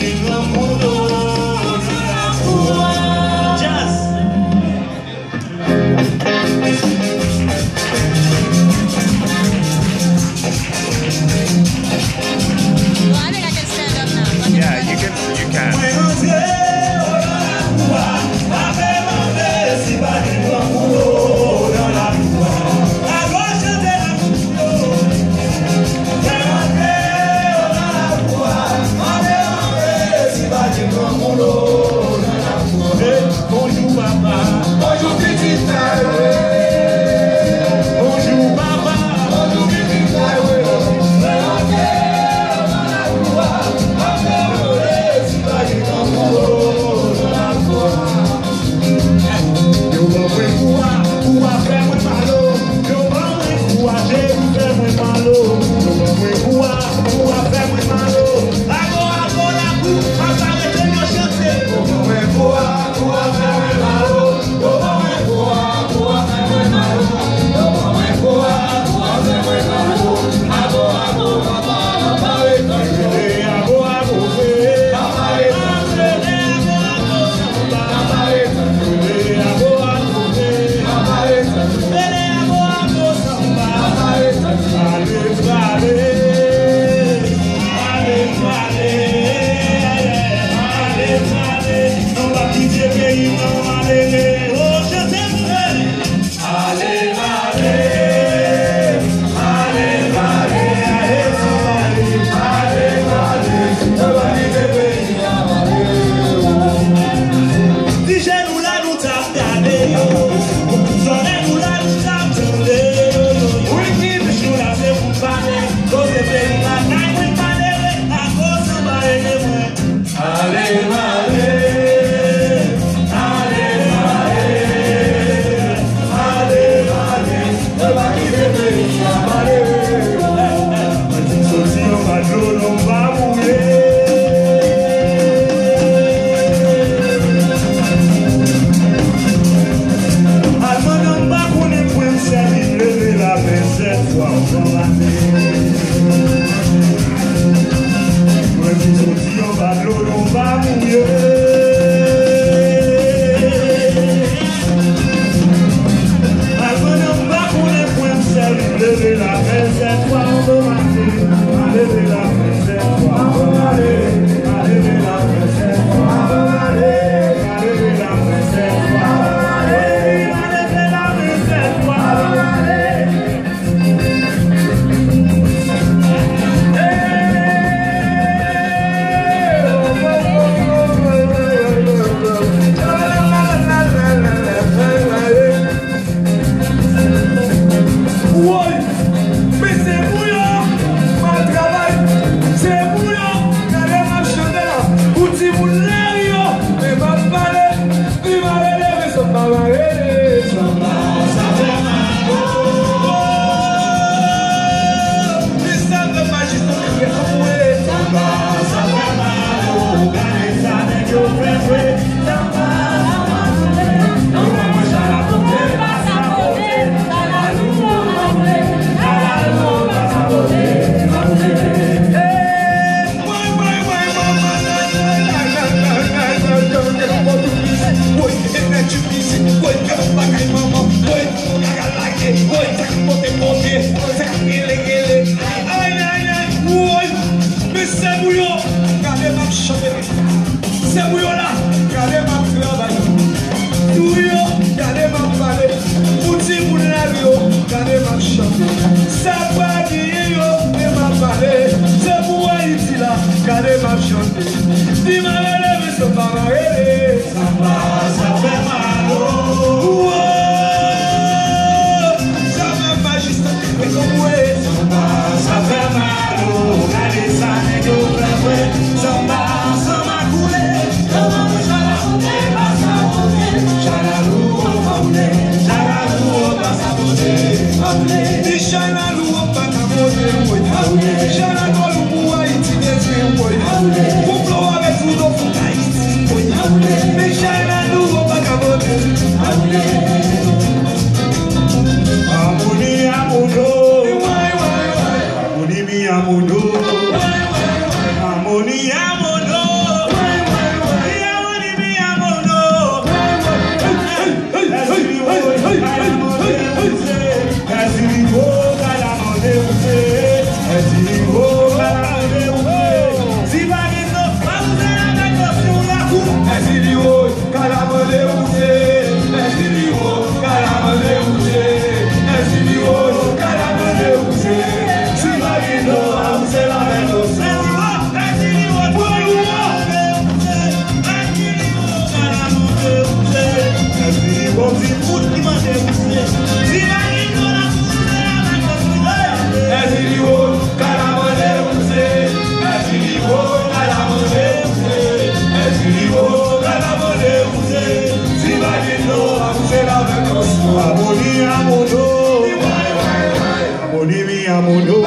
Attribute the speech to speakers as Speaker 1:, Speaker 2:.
Speaker 1: du monde. Hoje o criticar Sèmou yo, gane man chande, sèmou yo la, gane man krabayou, nou yo, gane man pare, mouti mounari yo, gane man chande, sèmou yo, gane man pare, sèmou yo la, gane man chande. Amen. Si fous ki mane ou se Si vay di to la fous se la vay konsen E si li ou, ka la mane ou se E si li ou, ka la mane ou se E si li ou, ka la mane ou se Si vay di to la fous se la vay konsen Amonim, amonim Amonim, amonim